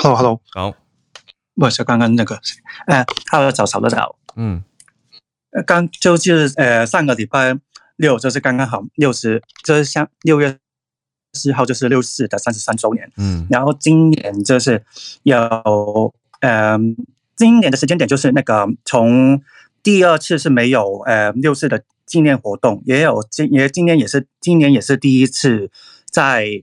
hello hello 好，oh. 我是剛剛那個呃 hello 早早啦早，早，嗯，剛就、就是呃上個禮拜六就是剛剛好六十，就是像六月四號就是六四的三十三週年，嗯，然後今年就是有，嗯、呃，今年的時間點就是那個從第二次是沒有呃六四的紀念活動，也有今也今年也是今年也是第一次在。